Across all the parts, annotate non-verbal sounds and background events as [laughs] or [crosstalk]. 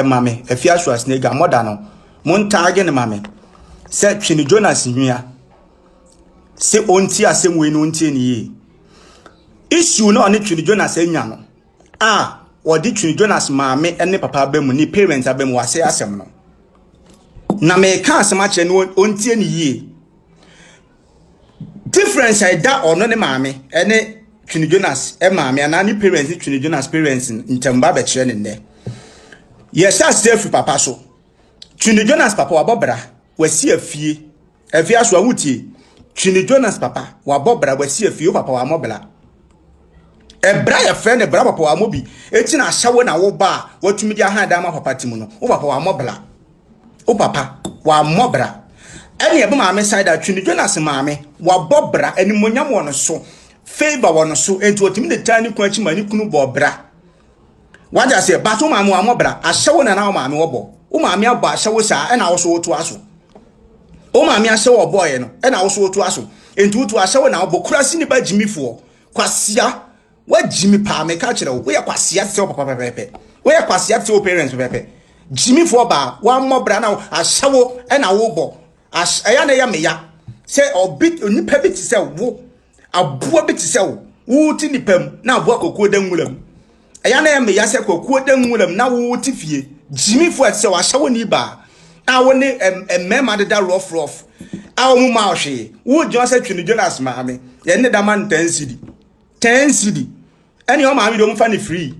ɛmame Efiasu Asenegya mɔda no mo ntaage ne mame sɛ Twene Jonas nwia sɛ ɔnti asɛm wei no ɔntie ne yie issue na ɔne Twene Jonas anya no a wɔde Twene Jonas maame ne papa ba ne parents aba mu asɛm no na meka asɛm akyerɛ no ɔntie ne yie difference a ɛda ɔno ne maame ne Twene Jonas maame anaa ne parents ne Twene Jonas parents ntɛmba bɛkyerɛ ne nnɛ yɛhyɛ aseɛ afiri papa so twene jonas papa wabɔ bra wasi afie afie aso awotie twene jonas papa wabɔ bra wasi afie o papa wamɔ bra ɛbra yɛ fɛ ne bra papa wamɔ bi eti na ahyɛwo na woba a watumi di ahan dan papa ti mu no o papa wamɔ bra o papa wamɔ bra ɛne ɛbɛ maame san da twene jonas maame wabɔ bra animonyam wɔ no so favour wɔ no so eti otumi de taa ne kun akyi ma ne kunu bɔ bra wagye aseɛ bato maame wa mo ahyɛwo na na wo maame wɔbɔ wo maame abɔ ahyɛwo saa ɛna wo so wo aso wo maame ahyɛwo ɔbɔɔyɛ no ɛna wo so wo aso nti wo to ahyɛwo na wobɔ kura si nipa gyimifoɔ kwasia wagyimi paa meka kyerɛ wo woyɛ kwasia te sɛ wo papa pɛpɛpɛ woyɛ kwasia te sɛ wo parents pɛpɛpɛ gyimifoɔ baa wammɔ bra na ahyɛwo ɛna wobɔ ɛyɛ na ɛyɛ meya sɛ ɔbi nipa bi te sɛ wo aboa bi te sɛ wo wo ti nipa mu na aboa kokoɔ da nwura ɛyɛ na ɛmɛ yasɛ kɔkuo da nwuram na wɔwɔte fie gyimifo ɛsɛ wahyɛ wɔn ni baa a wɔne mmarima deda rɔf rɔf a wɔn mu ahwee wɔgyina sɛ twene jonas maame yɛn ne dama no ten cd ten cd ɛne wɔn maame deɛ wɔn fa ne free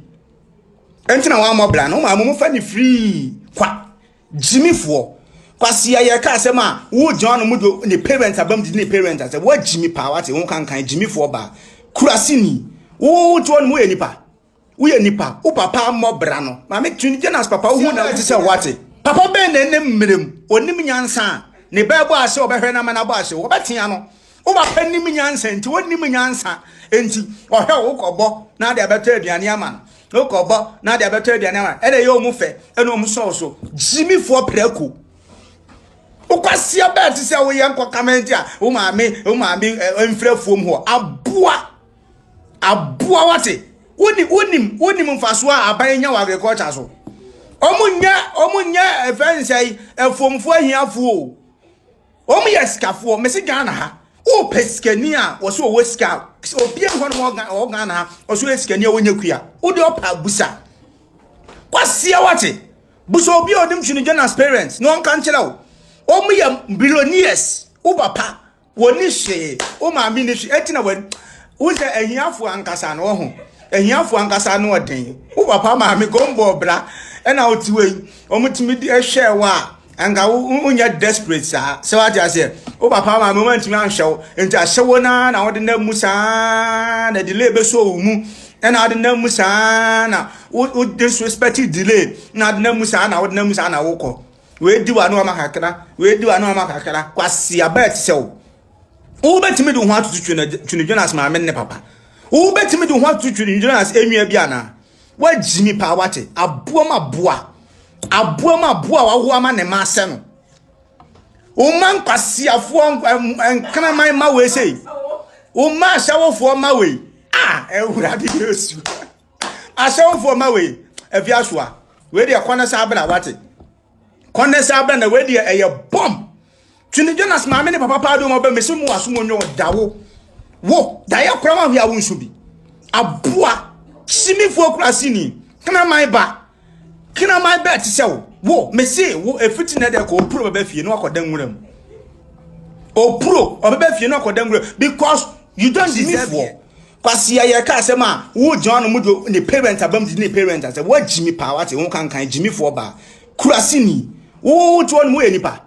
ɛntina wɔn amɔ bra no wɔn maame wɔn fa ne free kwa gyimifoɔ kwasi ayɛ kaa sɛm a wɔgyina wɔn mu do ne parent abam di ne parent asɛ wɔagyimi paa wate wɔn kankan gyimifoɔ baa kurasini wɔwɔwɔtɔ no mu yɛ nipa woyɛ nipa wo papa mmɔ bra no maame tun jonas papa wohu na wote sɛ wate papa bɛn na ɛnɛ mmerɛm ɔnim nyansa a ne bɛɛbɔ ase ɔbɛhwɛ no ama no abɔ ase wɔbɛtea no wo papa nim nyansa nti wonim nyansa nti ɔhwɛ wo wokɔbɔ na de abɛtɔ aduane ama no wokɔbɔ na ade abɛtɔ aduane ama no ɛna ɛyɛ ɔmu fɛ ɛna ɔmu sɔɔ so gyimifoɔ prɛko wokwasiɛ bɛɛ te sɛ woyɛ nkɔkama nti a wo maame wo maame mfirɛ fuom hɔ aboa aboa wate unim unim mfasoɔ a aban nya wɔ agriculture so wɔn nyɛ wɔn nyɛ ɛfɛ eh, nsɛn eh, ɛfɔmfo eh, ahiafoɔ o wɔn yɛ sikafoɔ mɛsi ghana ha ɔpɛ sikani a wɔso ɔwɔ sika obi ɛhɔ nom ɔwɔ ghana ha ɔso yɛ sikani a wɔnyɛ kuya abusa kwasia wɔte busa obi a ɔde mtwene gyan parents na ɔnka nkyerɛ o wɔn yɛ billionaires wo papa wɔn ni hwee wo maame ni hwee ɛtina wɔn wɔn ankasa na wɔn ahiafoɔ ankasa no ɔden wo papa maame gɔmbɔ bra ɛna wote wei ɔmotumi de ɛhwɛ wo a anka wonyɛ desperate saa sɛ wate aseɛ wo papa maame woantumi anhwɛ wo nti ahyɛ wo na wode nam mu saa na delay bɛsɔ wo mu ɛna wode nam mu saa na wodisrespect delay na wode nam mu saa na wode nam mu saa na wokɔ weedi wa anoma kakra weedi wa anoma kakra kwasi abɛɛ sew sɛ wo wobɛtumi de wo ho atoto twene na as ne papa wobɛtumi de ho atotwiri ndwira ase enua bi ana wagyi mi paa wate aboa mu aboa aboa mu aboa a wawo ama ne ma asɛ no woma nkwasiafoɔ nkraman ma wei sei woma ahyɛwofoɔ ma wei a awurade yesu [laughs] ahyɛwofoɔ ma wei afi asoa wei deɛ kɔnɛ saa bena wate kɔnɛ saa bena na wei deɛ ɛyɛ bɔm twene jonas maame ne papa paa dɔm ɔbɛ mesi mu wasom onwe ɔdawo wo dayɛ koraa ma hwɛ awo nso bi aboa simifoɔ kura si ni kraman ba kraman bɛɛ ti sɛ wo wo mesi wo efiti na ɛdɛ kɔ opuro bɛbɛ fie na wakɔ dan nwura mu opuro ɔbɛbɛ fie na wakɔ dan nwura mu because you don't deserve. simifoɔ kwasi ayɛ kaa sɛm a wo gyina wɔn mu do ne parent abam di ne parent asɛ wo jimi paa wate wo kankan jimifoɔ ba kura si ni wo wo ti wɔn mu yɛ nipa.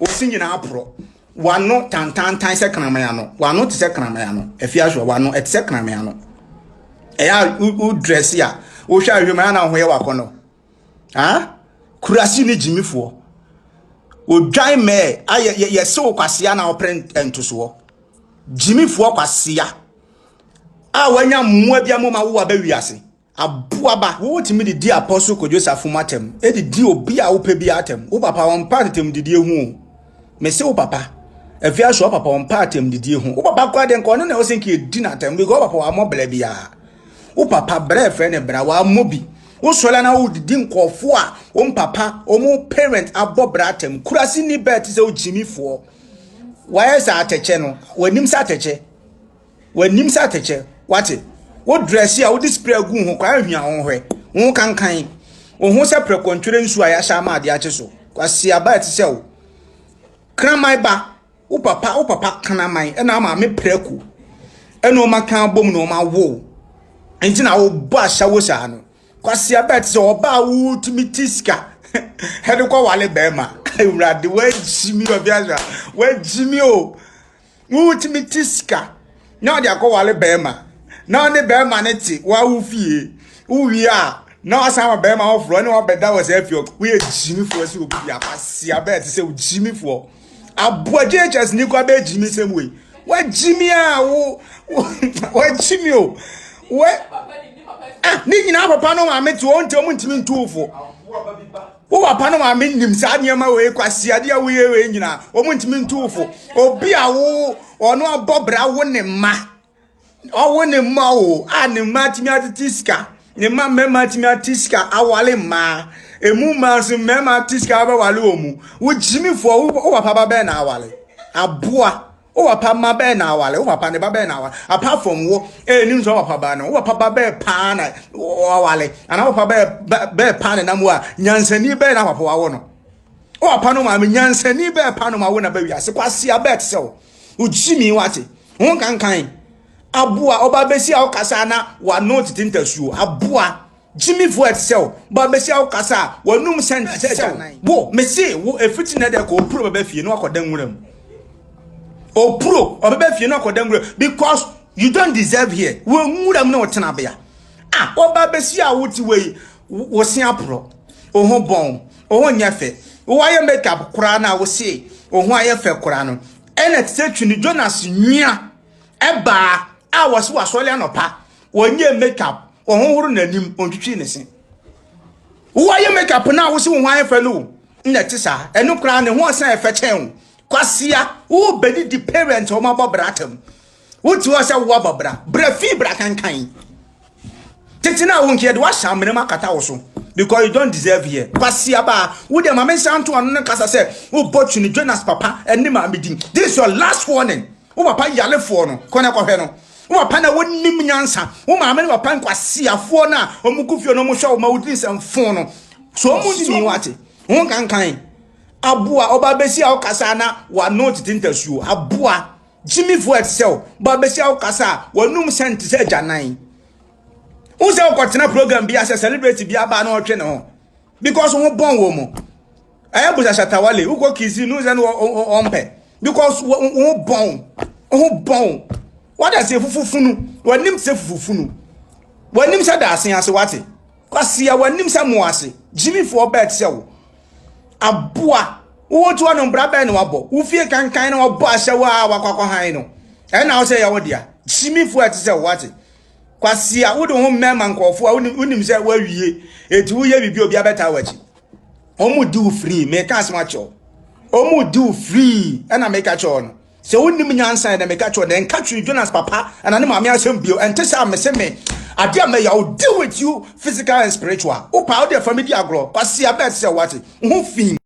osi nyinaa porɔ wano tantantan sɛ kramaya no wano te sɛ kramaya no efi aso wano ɛte sɛ kramaya no ɛyɛ a u drɛsi a wohwɛ ahwɛmu ɛyɛ na ho yɛ wakɔ no ah kurasi ne gyimifoɔ odwan mɛɛ a yɛ yɛ yɛsi wɔ kwasia na ɔpere ntosoɔ gyimifoɔ kwasia a wanya mmoa bi amoma wo abɛwi ase aboaba wotumi de di apɔso kodwo safumu atɛm ɛde di obi a wopɛ bi atɛm wo papa wɔn mpa tɛtɛm didi ehu o. mese wo papa afi aso wo papa wɔn pa atam didie ho wo papa kora deɛ nka ɔno na ɛwɔ sɛ nka ɛdi bi ka wo papa wɔamɔ brɛ biara wo papa brɛ ɛfrɛ ne bra wɔamɔ bi wosɔre na wodidi nkɔɔfo a wɔn papa wɔn parent abɔ brɛ atam kurasi ni bɛɛ te sɛ ogyimifoɔ wɔayɛ sɛ atɛkyɛ no wɔanim sɛ atɛkyɛ wɔanim sɛ atɛkyɛ wate wo drɛsi a wode spray agu ho kwa ahwia ho hwɛ wo kankan wo ho sɛ prɛkɔntwere nsu a yɛahyɛ ama adeɛ akye so kwasiaba ɛte sɛ wo kraman ba wo papa wo papa kraman ɛna maame prɛko ɛna ɔma kan bom na ɔma wo nti na wo bɔ ahyɛwo saa no kwasia bɛt sɛ ɔbaa wotumi ti sika [laughs] ɛde kɔ wale bɛrima [laughs] awurade wɔagyi mi ɔbi asa wɔagyi mi o wotumi ti sika na ɔde akɔ wale bɛrima na ɔne bɛrima ne te wawo fie wowie a na wasan ma bɛrima wɔforɔ ne wɔbɛda wɔ sɛ afie woyɛ gyimifoɔ sɛ obi apasia bɛɛ te sɛ ogyimifoɔ aboa jhs ni kwabe abɛgyi mi sɛm wei wagyi mi a wo wagyi mi o wɛ ah ne nyinaa papa no maame te wɔn ntɛ wɔn ntumi ntuufo wo papa no maame nim saa nneɛma wei kwasi adeɛ wei wei nyinaa wɔn ntumi ntuufo obi a wo ɔno abɔ bra wo ne mma ɔwo ne mma o a ne mma tumi atete sika ne mma mmarima tumi ate sika awale mmaa emu mmaa nso mmarima ate sika abɛwale wɔn mu wogyimifoɔ wo wɔ papa bɛn na awale aboa wo wɔ mma bɛn na awale wo wɔ ne ba bɛn na awale apart from wo ɛyɛ e, nim sɛ wo wɔ papa bɛn na wo wɔ papa bɛn paa na awale anaa wo papa bɛn bɛn paa na nam wo a nyansani bɛn na papa wawo no wo wɔ no maame nyansani bɛn paa na wawo na bɛ wi ase kwasia bɛɛ te sɛ wo wogyimi wate ho kankan aboa ɔbaabɛsi a ɔkasa na wano tete ntasuo aboa jimmy fo ɛtisɛw baabɛsi a ɔkasa a wanum sɛ ntɛsɛw bo mesi wo efiti na ɛdɛ ka opuro bɛbɛ fie na wakɔ dan nwura mu opuro ɔbɛbɛ fie na wakɔ dan because you don't deserve here wo nwura mu na wo tena bea a ɔbaabɛsi a wote wei wo se aporɔ ohun bɔn ohun nyɛ fɛ wɔayɛ makeup koraa na wosi ohun ayɛ fɛ koraa no ɛna tete twene jonas nwia ɛbaa a wɔsi wasɔle anɔpa wɔnyɛ makeup ɔhohoro n'anim ɔntwitwi ne se wɔyɛ makeup na ahosi wɔn ayɛ fɛ no o nna ɛte saa ɛno ne ho ɔsan ɛfɛ kyɛn o kwasia wobɛdi di parent wɔn abɔ bra atam wotu hɔ sɛ wo abɔ bra bra fi bra kankan tete na wɔn nkeɛ de wahyɛ amena mu akata wɔ so because you don't deserve here kwasia baa wo de maame nsanto ɔno ne kasa sɛ wo bɔ twene jonas papa ɛne maame din this is your last warning wo papa yale foɔ no kɔnɛ kɔhwɛ no wo papa na wonim nyansa wo maame ne papa nkwasiafoɔ no a ɔmo kufio no ɔmo hwɛ wo ma wodiri sɛ mfo no so ɔmo di mi wate ho kankan aboa ɔba besi a ɔkasa na wano tete ntasuo aboa gyimifoɔ ɛtisɛw ɔba besi a ɔkasa a wɔnum sɛn te sɛ gyanan wo sɛ ɔkɔtena program bi asɛ celebrate bi aba na ɔtwe ne ho because ho bɔn wɔ mu ɛyɛ busahyɛtawale wokɔ kisi no sɛ no ɔmpɛ because ho bɔn ho bɔn wada se fufu funu wanim se fufu funu wanim se da asen ase wate ya wanim se mo ase jimi fo bet se wo aboa wo to bra ben bo wo fie kankan na wo bo ase wa wakwakọ han no e na wo se ya wo dia jimi fo et se wate kwasi ya wo ho mema nkofo a wonim se wa etu wo ye bibi obi abeta omu do free me kan omu do free e sɛ wonim nyansa na meka kyerɛ dɛ nka twere jonas papa ana ne maame asɛm bio ɛnte sɛ a mese me adeɛ a mɛyɛ wo deal with you physical and spiritual wopaa wode afa me di agorɔ kwasea bɛɛ te sɛ woate ho fii